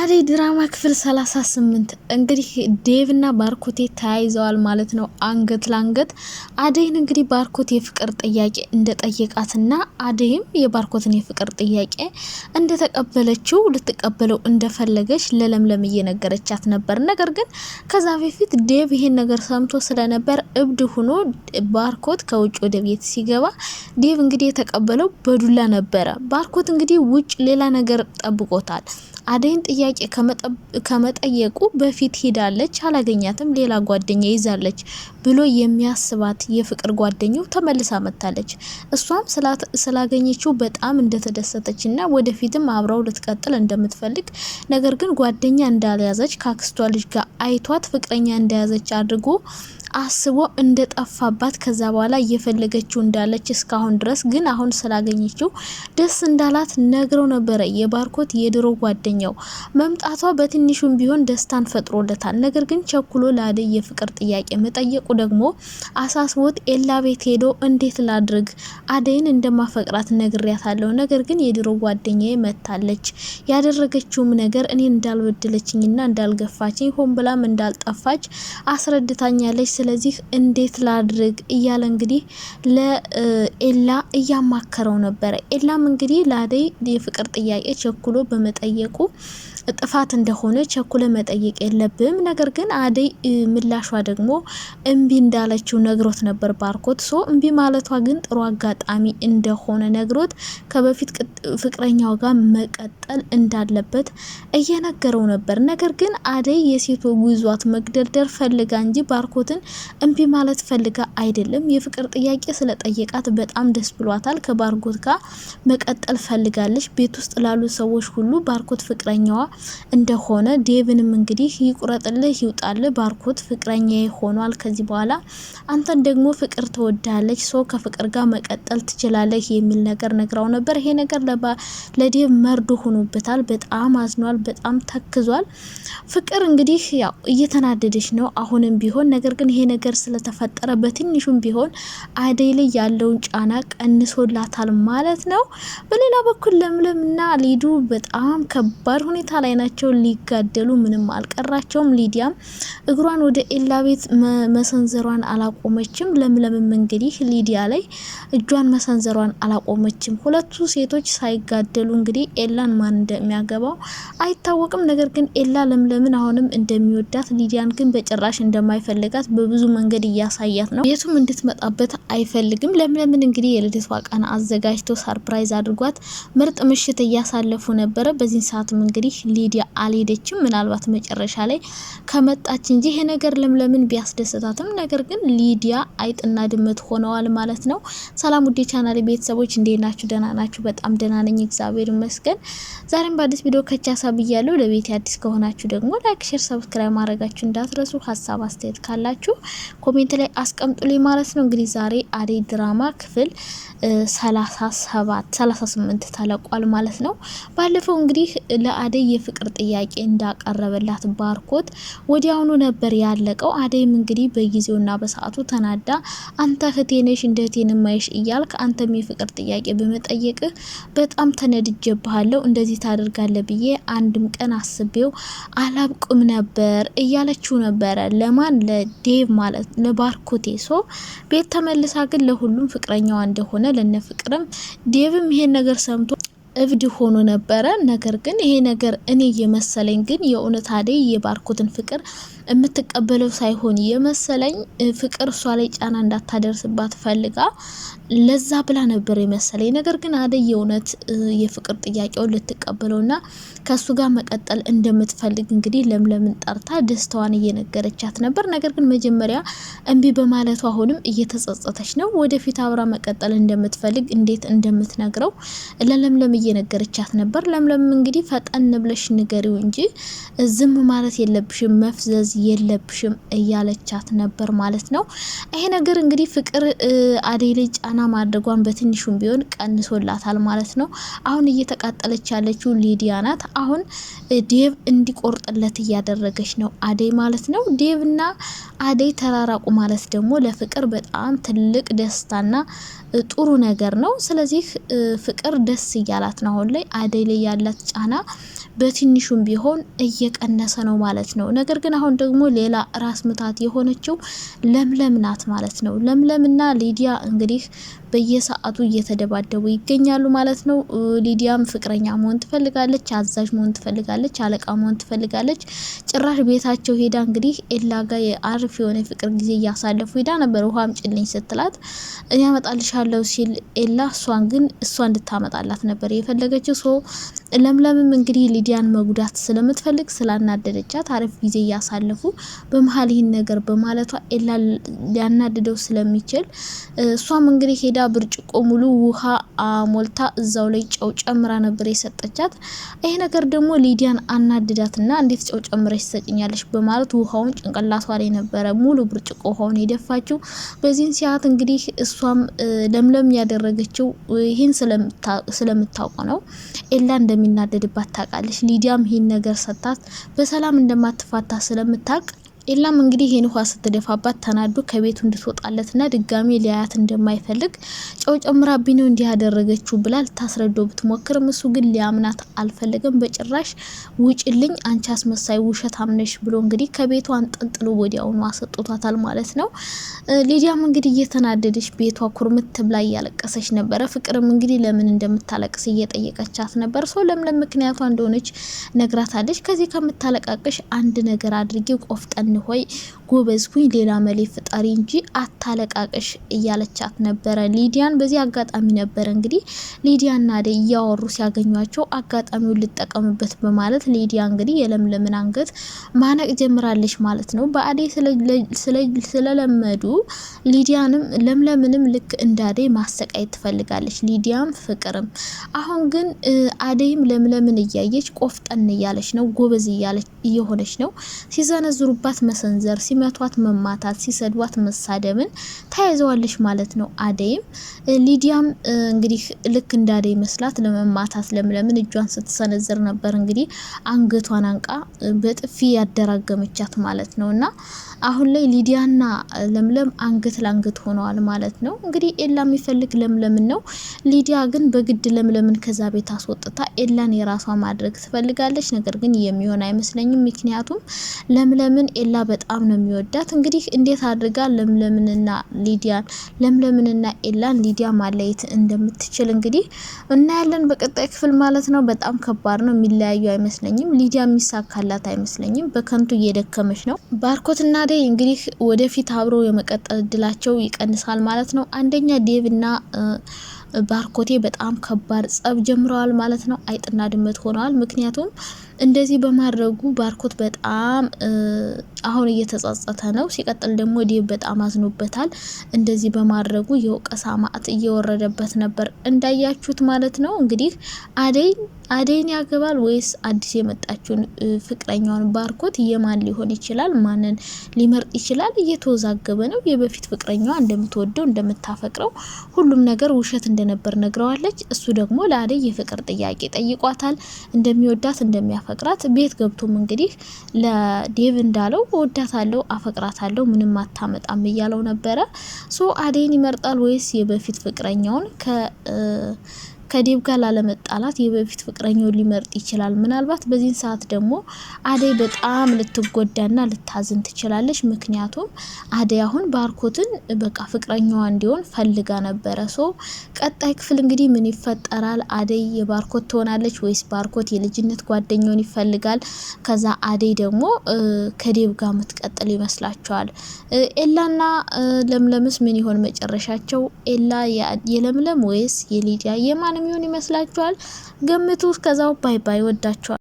አደይ ድራማ ክፍል 38 እንግዲህ ዴቭና ባርኮቴ ተያይዘዋል ማለት ነው፣ አንገት ለአንገት። አደይን እንግዲህ ባርኮት የፍቅር ጥያቄ እንደጠየቃትና አደይም የባርኮትን የፍቅር ጥያቄ እንደተቀበለችው ልትቀበለው እንደፈለገች ለለምለም እየነገረቻት ነበር። ነገር ግን ከዛ በፊት ዴቭ ይሄን ነገር ሰምቶ ስለነበር እብድ ሆኖ ባርኮት ከውጭ ወደ ቤት ሲገባ ዴቭ እንግዲህ የተቀበለው በዱላ ነበረ። ባርኮት እንግዲህ ውጭ ሌላ ነገር ጠብቆታል። አደይን ጥያቄ ከመጠየቁ በፊት ሄዳለች፣ አላገኛትም፣ ሌላ ጓደኛ ይዛለች ብሎ የሚያስባት የፍቅር ጓደኛው ተመልሳ መጥታለች። እሷም ስላገኘችው በጣም እንደተደሰተች እና ወደፊትም አብረው ልትቀጥል እንደምትፈልግ ነገር ግን ጓደኛ እንዳልያዘች ከአክስቷ ልጅ ጋር አይቷት ፍቅረኛ እንደያዘች አድርጎ አስቦ ጠፋባት ከዛ በኋላ እየፈለገችው እንዳለች እስካሁን ድረስ ግን አሁን ስላገኘችው ደስ እንዳላት ነግረው ነበረ። የባርኮት የድሮ ጓደኛው መምጣቷ በትንሹም ቢሆን ደስታን ፈጥሮለታል። ነገር ግን ቸኩሎ ለአደይ የፍቅር ጥያቄ መጠየቁ ደግሞ አሳስቦት ኤላ ቤት ሄዶ እንዴት ላድርግ አደይን እንደማፈቅራት ነግሬያታለሁ፣ ነገር ግን የድሮ ጓደኛዬ መታለች ያደረገችውም ነገር እኔ እንዳልበደለችኝና እንዳልገፋችኝ ሆን ብላም እንዳልጠፋች አስረድታኛለች ስለዚህ እንዴት ላድርግ እያለ እንግዲህ ለኤላ እያማከረው ነበረ። ኤላም እንግዲህ ለአደይ የፍቅር ጥያቄ ቸኩሎ በመጠየቁ ጥፋት እንደሆነ ቸኩለ መጠየቅ የለብም። ነገር ግን አደይ ምላሿ ደግሞ እምቢ እንዳለችው ነግሮት ነበር ባርኮት። ሶ እምቢ ማለቷ ግን ጥሩ አጋጣሚ እንደሆነ ነግሮት ከበፊት ፍቅረኛው ጋር መቀጠል እንዳለበት እየነገረው ነበር። ነገር ግን አደይ የሴቶ ጉዟት መግደርደር ፈልጋ እንጂ ባርኮትን እምቢ ማለት ፈልጋ አይደለም። የፍቅር ጥያቄ ስለጠየቃት በጣም ደስ ብሏታል። ከባርኮት ጋር መቀጠል ፈልጋለች። ቤት ውስጥ ላሉ ሰዎች ሁሉ ባርኮት ፍቅረኛዋ እንደሆነ ዴቭንም እንግዲህ ይቁረጥልህ ይውጣል። ባርኮት ፍቅረኛ ሆኗል። ከዚህ በኋላ አንተን ደግሞ ፍቅር ትወዳለች፣ ሰው ከፍቅር ጋር መቀጠል ትችላለህ የሚል ነገር ነግራው ነበር። ይሄ ነገር ለዴቭ መርዶ ሆኖበታል። በጣም አዝኗል። በጣም ተክዟል። ፍቅር እንግዲህ ያው እየተናደደች ነው አሁንም ቢሆን ነገር ግን ነገር ስለተፈጠረ በትንሹም ቢሆን አደይ ላይ ያለውን ጫና ቀንሶላታል ማለት ነው። በሌላ በኩል ለምለምና ሊዱ በጣም ከባድ ሁኔታ ላይ ናቸው። ሊጋደሉ ምንም አልቀራቸውም። ሊዲያም እግሯን ወደ ኤላ ቤት መሰንዘሯን አላቆመችም። ለምለምም እንግዲህ ሊዲያ ላይ እጇን መሰንዘሯን አላቆመችም። ሁለቱ ሴቶች ሳይጋደሉ እንግዲህ ኤላን ማን እንደሚያገባው አይታወቅም። ነገር ግን ኤላ ለምለምን አሁንም እንደሚወዳት ሊዲያን ግን በጭራሽ እንደማይፈልጋት በብዙ መንገድ እያሳያት ነው። የቱም እንድትመጣበት አይፈልግም። ለምለምን እንግዲህ የልደቷ ቀን አዘጋጅቶ ሰርፕራይዝ አድርጓት ምርጥ ምሽት እያሳለፉ ነበረ። በዚህን ሰዓትም እንግዲህ ሊዲያ አልሄደችም። ምናልባት መጨረሻ ላይ ከመጣች እንጂ ይሄ ነገር ለምለምን ቢያስደስታትም ነገር ግን ሊዲያ አይጥና ድመት ሆነዋል ማለት ነው። ሰላም ውዴ ቻናል ቤተሰቦች እንዴት ናችሁ? ደህና ናችሁ? በጣም ደህና ነኝ፣ እግዚአብሔር ይመስገን። ዛሬም በአዲስ ቪዲዮ ከቻ ሳብያለሁ። ለቤት አዲስ ከሆናችሁ ደግሞ ላይክ፣ ሼር፣ ሰብስክራይብ ማድረጋችሁ እንዳትረሱ። ሀሳብ አስተያየት ካላችሁ ካላችሁ ኮሜንት ላይ አስቀምጡልኝ ማለት ነው። እንግዲህ ዛሬ አደይ ድራማ ክፍል 37 38 ተለቋል ማለት ነው። ባለፈው እንግዲህ ለአደይ የፍቅር ጥያቄ እንዳቀረበላት ባርኮት ወዲያውኑ ነበር ያለቀው። አደይም እንግዲህ በጊዜውና በሰዓቱ ተናዳ አንተ ህቴነሽ እንደ ህቴን ማይሽ እያልክ አንተም የፍቅር ጥያቄ በመጠየቅህ በጣም ተነድጄብሃለሁ። እንደዚህ ታደርጋለህ ብዬ አንድም ቀን አስቤው አላብቁም ነበር እያለችው ነበረ ለማን ለዴ ለዴቭ ማለት ለባርኮቴ ሶ ቤት ተመልሳ ግን ለሁሉም ፍቅረኛዋ እንደሆነ ለነ ፍቅርም ዴቭም ይሄን ነገር ሰምቶ እብድ ሆኖ ነበረ። ነገር ግን ይሄ ነገር እኔ የመሰለኝ ግን የእውነት አደይ የባርኮትን ፍቅር የምትቀበለው ሳይሆን የመሰለኝ ፍቅር እሷ ላይ ጫና እንዳታደርስባት ፈልጋ ለዛ ብላ ነበር የመሰለኝ። ነገር ግን አደይ የእውነት የፍቅር ጥያቄውን ልትቀበለውና ከእሱ ጋር መቀጠል እንደምትፈልግ እንግዲህ ለምለምን ጠርታ ደስታዋን እየነገረቻት ነበር። ነገር ግን መጀመሪያ እምቢ በማለቱ አሁንም እየተጸጸተች ነው። ወደፊት አብራ መቀጠል እንደምትፈልግ እንዴት እንደምትነግረው ለለምለም እየነገረቻት ነበር። ለምለም እንግዲህ ፈጠን ብለሽ ንገሪው እንጂ ዝም ማለት የለብሽም መፍዘዝ የለብሽም እያለቻት ነበር ማለት ነው። ይሄ ነገር እንግዲህ ፍቅር አደይ ላይ ጫና ማድረጓን በትንሹም ቢሆን ቀንሶላታል ማለት ነው። አሁን እየተቃጠለች ያለችው ሊዲያ ናት። አሁን ዴቭ እንዲቆርጥለት እያደረገች ነው አደይ ማለት ነው። ዴቭና አደይ ተራራቁ ማለት ደግሞ ለፍቅር በጣም ትልቅ ደስታና ጥሩ ነገር ነው። ስለዚህ ፍቅር ደስ እያላት ነው። አሁን ላይ አደይ ላይ ያላት ጫና በትንሹም ቢሆን እየቀነሰ ነው ማለት ነው። ነገር ግን አሁን ደግሞ ሌላ ራስ ምታት የሆነችው ለምለም ናት ማለት ነው። ለምለምና ሊዲያ እንግዲህ በየሰዓቱ እየተደባደቡ ይገኛሉ ማለት ነው። ሊዲያም ፍቅረኛ መሆን ትፈልጋለች፣ አዛዥ መሆን ትፈልጋለች፣ አለቃ መሆን ትፈልጋለች። ጭራሽ ቤታቸው ሄዳ እንግዲህ ኤላ ጋ የአሪፍ የሆነ ፍቅር ጊዜ እያሳለፉ ሄዳ ነበር። ውሃ አምጪልኝ ስትላት ያመጣልሻለሁ ሲል ኤላ እሷን ግን እሷ እንድታመጣላት ነበር የፈለገችው። ሶ ለምለምም እንግዲህ ሊዲያን መጉዳት ስለምትፈልግ ስላናደደቻት አሪፍ ጊዜ እያሳለፉ በመሀል ይህን ነገር በማለቷ ኤላ ሊያናድደው ስለሚችል እሷም እንግዲህ ሄዳ ብርጭቆ ሙሉ ውሃ ሞልታ እዛው ላይ ጨው ጨምራ ነበር የሰጠቻት። ይሄ ነገር ደግሞ ሊዲያን አናድዳትና እንዴት ጨው ጨምረች ትሰጭኛለሽ በማለት ውሃውን ጭንቅላቷ ላይ ነበረ ሙሉ ብርጭቆ ውሃውን የደፋችው። በዚህን ሰዓት እንግዲህ እሷም ለምለም ያደረገችው ይህን ስለምታውቁ ነው። ኤላ እንደሚናደድባት ታውቃለች። ሊዲያም ይህን ነገር ሰጣት በሰላም እንደማትፋታ ስለምታውቅ ኤላም እንግዲህ ይህን ውሃ ስትደፋባት ተናዶ ከቤቱ እንድትወጣለትና ድጋሚ ሊያያት እንደማይፈልግ ጨው ጨምራ ነው እንዲህ ያደረገችው ብላ ልታስረዳው ብትሞክርም እሱ ግን ሊያምናት አልፈለገም። በጭራሽ ውጭልኝ፣ አንቺ አስመሳይ ውሸት አምነሽ ብሎ እንግዲህ ከቤቷ አንጠልጥሎ ወዲያውኑ አሰጥቷታል ማለት ነው። ሊዲያም እንግዲህ እየተናደደች ቤቷ ኩርምት ብላ እያለቀሰች ነበረ። ፍቅርም እንግዲህ ለምን እንደምታለቅስ እየጠየቀቻት ነበር። ሰው ለምለም ምክንያቷ እንደሆነች ነግራታለች። ከዚህ ከምታለቃቅሽ አንድ ነገር አድርጌ ቆፍጠን 会。ጎበዝ ሁኝ፣ ሌላ መሌ ፍጣሪ እንጂ አታለቃቀሽ እያለቻት ነበረ ሊዲያን። በዚህ አጋጣሚ ነበረ እንግዲህ ሊዲያና አደይ እያወሩ ሲያገኟቸው አጋጣሚውን ልጠቀምበት በማለት ሊዲያ እንግዲህ የለምለምን አንገት ማነቅ ጀምራለች ማለት ነው። በአደይ ስለለመዱ ሊዲያንም ለምለምንም ልክ እንደ አደይ ማሰቃየት ትፈልጋለች፣ ሊዲያም ፍቅርም። አሁን ግን አደይም ለምለምን እያየች ቆፍጠን እያለች ነው፣ ጎበዝ እያለች እየሆነች ነው። ሲዘነዝሩባት መሰንዘር ሲመቷት መማታት፣ ሲሰድቧት መሳደብን ተያይዘዋለች ማለት ነው። አደይም ሊዲያም እንግዲህ ልክ እንደ አደይ መስላት ለመማታት ለምለምን እጇን ስትሰነዝር ነበር እንግዲህ አንገቷን አንቃ በጥፊ ያደራገመቻት ማለት ነው። እና አሁን ላይ ሊዲያና ለምለም አንገት ለአንገት ሆነዋል ማለት ነው። እንግዲህ ኤላ የሚፈልግ ለምለምን ነው። ሊዲያ ግን በግድ ለምለምን ከዛ ቤት አስወጥታ ኤላን የራሷ ማድረግ ትፈልጋለች። ነገር ግን የሚሆን አይመስለኝም። ምክንያቱም ለምለምን ኤላ በጣም ነው ስለሚወዳት እንግዲህ እንዴት አድርጋ ለምለምንና ሊዲያን ለምለምንና ኤላን ሊዲያ ማለየት እንደምትችል እንግዲህ እናያለን በቀጣይ ክፍል ማለት ነው። በጣም ከባድ ነው። የሚለያዩ አይመስለኝም። ሊዲያ የሚሳካላት አይመስለኝም። በከንቱ እየደከመች ነው። ባርኮትና አደይ እንግዲህ ወደፊት አብሮ የመቀጠል እድላቸው ይቀንሳል ማለት ነው። አንደኛ ዴቭና ባርኮቴ በጣም ከባድ ጸብ ጀምረዋል ማለት ነው። አይጥና ድመት ሆነዋል። ምክንያቱም እንደዚህ በማድረጉ ባርኮት በጣም አሁን እየተጸጸተ ነው። ሲቀጥል ደግሞ ዴቭ በጣም አዝኖበታል። እንደዚህ በማድረጉ የወቀሳ ማዕት እየወረደበት ነበር እንዳያችሁት ማለት ነው። እንግዲህ አደይ አደይን ያገባል ወይስ አዲስ የመጣችውን ፍቅረኛውን ባርኮት የማን ሊሆን ይችላል? ማንን ሊመርጥ ይችላል? እየተወዛገበ ነው። የበፊት ፍቅረኛዋ እንደምትወደው እንደምታፈቅረው ሁሉም ነገር ውሸት እንደነበር ነግረዋለች። እሱ ደግሞ ለአደይ የፍቅር ጥያቄ ጠይቋታል እንደሚወዳት እንደሚያ የሚያፈቅራት ቤት ገብቶም እንግዲህ ለዴቭ እንዳለው እወዳታለሁ፣ አፈቅራታለሁ ምንም አታመጣም እያለው ነበረ። ሶ አዴን ይመርጣል ወይስ የበፊት ፍቅረኛውን ከ ከዴብ ጋር ላለመጣላት የበፊት ፍቅረኛውን ሊመርጥ ይችላል። ምናልባት በዚህን ሰዓት ደግሞ አደይ በጣም ልትጎዳና ልታዝን ትችላለች። ምክንያቱም አደይ አሁን ባርኮትን በቃ ፍቅረኛዋ እንዲሆን ፈልጋ ነበረ። ሶ ቀጣይ ክፍል እንግዲህ ምን ይፈጠራል? አደይ የባርኮት ትሆናለች ወይስ ባርኮት የልጅነት ጓደኛውን ይፈልጋል? ከዛ አደይ ደግሞ ከዴብ ጋር ምትቀጥል ይመስላቸዋል? ኤላና ለምለምስ ምን ይሆን መጨረሻቸው? ኤላ የለምለም ወይስ የሊዲያ የማን የሚሆን ይመስላችኋል? ገምቱ። እስከዛው ባይ ባይ። ወዳችኋል።